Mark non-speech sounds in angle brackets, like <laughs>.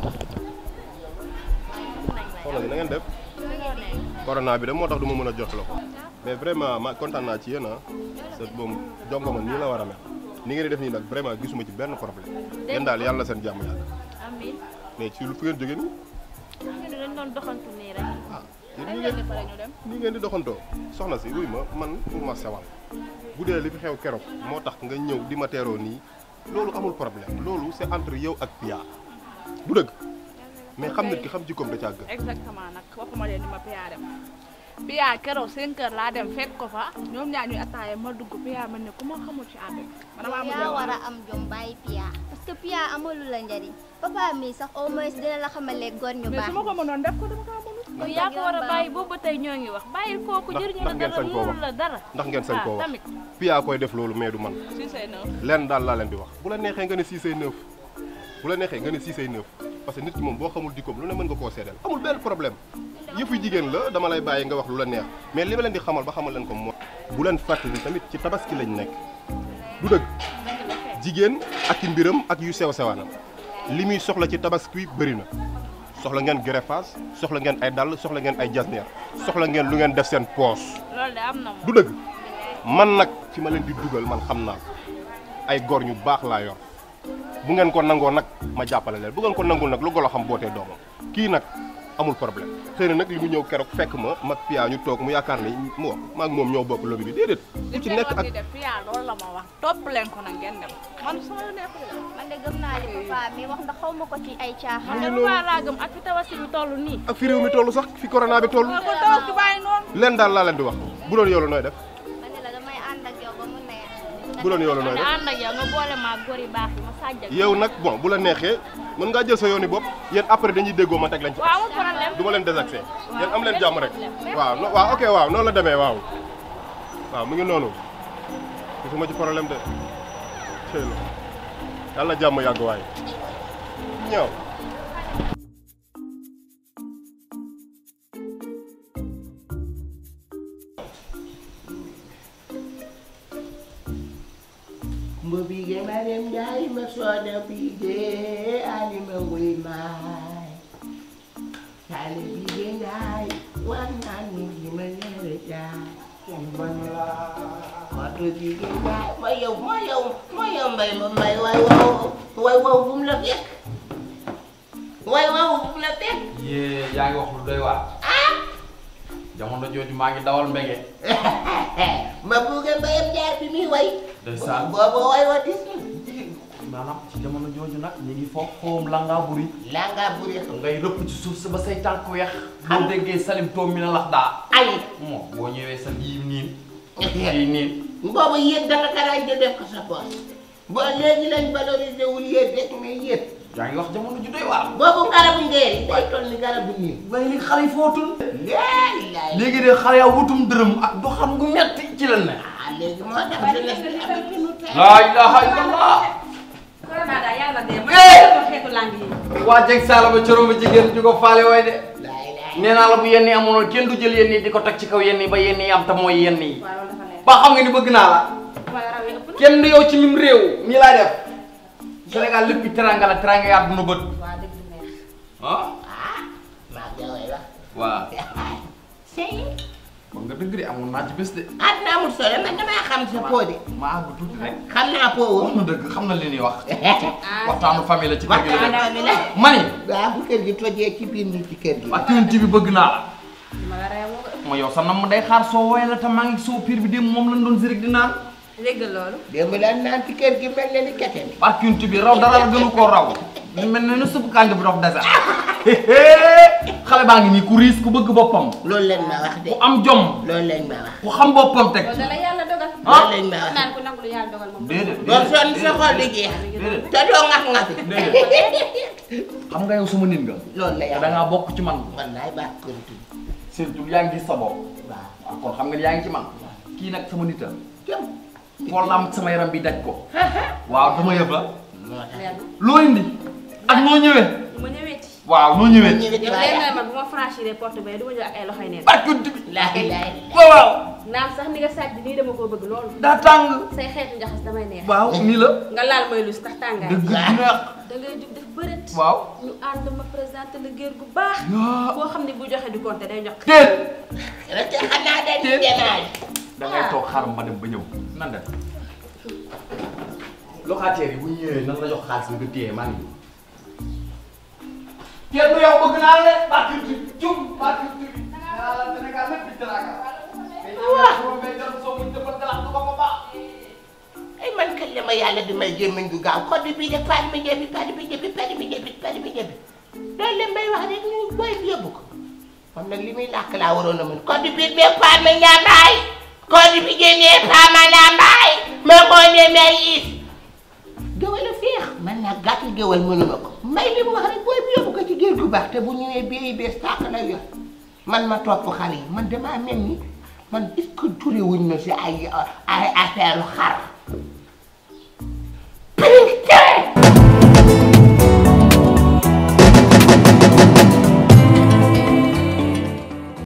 soxna si na ngeen def. corona bi de moo tax du ma mën a jot la ko. mais vraiment ma kontaan naa ci yéen ah. sët boobu jonko ma nii la war a mel. ni ngeen di def nii nag vraiment gisuma ci benn problème. yéen daal yàlla seen jàmm yàlla. mais ci lu fu ngeen jógee nii. dañ doon ah, ngeen di doxantoo. soxna si wuy ma man pour ma sewal. bu dee li fi xew keroog moo tax nga ñëw di ma teeroo nii loolu amul problème loolu c'est entre yow ak Pia. du dëgg mais xam nit ki xam jikkoom da caa gën. exactement nag waxuma leen ni ma dem Pia keroog 5 heures laa dem fekk ko fa ñoom ñaar ñuy attaaya ma dugg Pia man ne ku ma xamul ci ànd bi. am njariñ papa mi sax au moins dina la xamalee góor ñu baax. a bàyyi boobu ba ngi wax bàyyil kooku jëriñu ndax ngeen sañ ah, koo wax ndax koo wax. Pia koy def loolu mais du man. lenn daal laa leen di wax bu la neexee nga ne 6 ay 9 bu la neexee nga ne six ay neuf parce que nit ki moom boo xamul dikkoom lu ne mën nga koo seedeel amul benn problème yëfu jigéen la dama lay bàyyi nga wax lu la neex mais li ma leen di xamal ba xamal leen ko mooy bu leen fàttali tamit ci tabaski lañ nekk du dëgg jigéen ak i mbiram ak yu sew sewaanam li muy soxla ci tabaski bëri na soxla ngeen greffage soxla ngeen ay dàll soxla ngeen ay jasneer soxla ngeen lu ngeen def seen poos loolu du dëgg man nag ci ma leen dugal man xam naa ay góor ñu baax laa yor bu ngeen ko nangoo nag ma jàppale leen bu ngeen ko nangul nag lu golo xam bootee doomam kii nag amul problème xëy nag li mu ñëw keroog fekk ma mag Pia ñu toog mu yaakaar ni mu wax ma ak moom ñoo bokk lobby bi déedéet. ku ci nekk ak li Pia loolu la ma wax. topp leen ko nag ngeen dem. man su nekkul man gëm naa li Paa mi wax ndax xaw ma ko ci ay caaxaan. loolu Paa laa gëm ak fi tabaski bi toll nii. ak fi réew mi toll sax fi corona bi toll. leen daal laa leen di wax bu doon yow nooy def. bu doon yow la nooy yow nag bon bu la neexee mën ngaa jël sa yoon yooni bopp yéen après dañuy déggoo ma teg lañ ci waaw amul problème leen désaxé yéen am leen jàmm rek waaw waaw ok waaw noonu la demee waaw waaw mu ngi noonu gisuma ci problème de yàlla jàmm yàgg waaye ñëw Mbubige Mariam Njaay ma sooda bigee alima nguy maay taale bige Njaay war naa ni ma leere jaay kenn bon bige Njaay ma yow ma yow ma yow mbay mbay waay waaw waay waaw bu mu la fekk waay waaw bu mu la fekk doy waar ah jamono jooju maa ngi dawal mbege <laughs> ma buuge Mariam Njaay bi muy way ndeysaan boobu way wa dis maanaam ci jamono jooju nag ñu ngi foog xoom langa buri langa buri ngay rëpp ci suuf si ba say tànk weex boo déggee salim toom mi na lax daa ay moom boo ñëwee sa yii niin yii niin boobu yéen danga karaaj de def ko sa poos boo léegi lañ valorisé wul yéen rek mais yéen yaa ngi wax jamono ju doy waar boobu garabu ndee day toll ni garabu nii waaye léegi xale yi footul léegi de xale yaa wutum dërëm ak doxam gu metti ci la ne ah, léegi moo tax laa ilaaha illallah. corona daal yàlla de ma. waa jeg saala ba coro ma jigéen di ko faale way de. nee naa la bu yenn yi amoon kenn du jël yenn di ko teg ci kaw yenn yi ba yenn yi am te mooy ba xam nga ni bëgg naa la. kenn du yow ci mim réew nii laay def. Sénégal lépp teranga la teranga yi àdduna bët. ah. <laughs> nga dëgg de amoon naa ci bés de. àdduna ah, amul solo man damaa xam sa po de. maa am tuuti rek. xam naa po wax na dëgg xam na li ñuy wax. <laughs> Ah, waxtaanu famille la ci kër gi la rek mani. waaw gi tojee ci biir ñu ci bi bëgg naa ma la reewoo. ma sa nam day xaar soo woowee la te ngi soo pire bi démb moom la doon si rek di naan. dégg loolu. démb daan naan ci kër gi mel ne ni kete bi. waaw TNT bi raw dara la gënu koo raw. mel ne ni suuf kànja bu dox desa. <laughs> <laughs> xale baa ngi nii ku riis ku bëgg boppam. lool leen ma wax de. ku am jom. loolu leen ku xam boppam teg. loolu yàlla dogal. loolu leen ma ah, wax naan ku nangu lu jeex. te doo ŋax ŋax. <laughs> xam nga yow suma nit nga. loolu bokk ci man. wallaay baax kër gi. surtout yaa ngi ah, nga yaa ngi ci man. kii nag sama nit a. xool la am sama yaram bi daj ko. <laughs> waaw dama yëg la. loo indi ak noo ñëwee. ma ñëweti. waaw ma ñëweti. ñëweti ma franchir porte bi du ma ñëw ay loxoy neen. parce que. laay laay waaw waaw. naam sax ni nga sàcc nii dama ko bëgg loolu. daa tàng. say xeetu njaxas neex. waaw nii la. nga laal may lus waaw ñu ànd ma présenté koo xam ne bu joxe du compté day ñokk. déet. rek xaar ma dem ba ñëw nan la. locataire yi bu ñu ñëwee nan la jox xaalis bi nga téye maa ngi kenn du yow bëgg naa la de bàcc bi jub bàcc bi naa la Sénégal lépp di teraanga ay man kat li ma yàlla di may gémmiñ du gaaw ko di bii de padi bi jebi padi bi jebi padi bi jebi padi bi jebi loolu la may wax rek ñu booy bi yóbbu ko kon nag li muy làkk laa waroon a mën ko di bii bee paama ñaambaay ko di bi génnee paama ñaambaay ma ko ne may is man nag gàtt géwal mënuma ko may li mu wax rek booy bu ko ci géej gu baax te bu ñëwee bii bees tàq lay yor man ma topp xar yi man damaa mel ni man est-ce que ma si ay ay affaire xar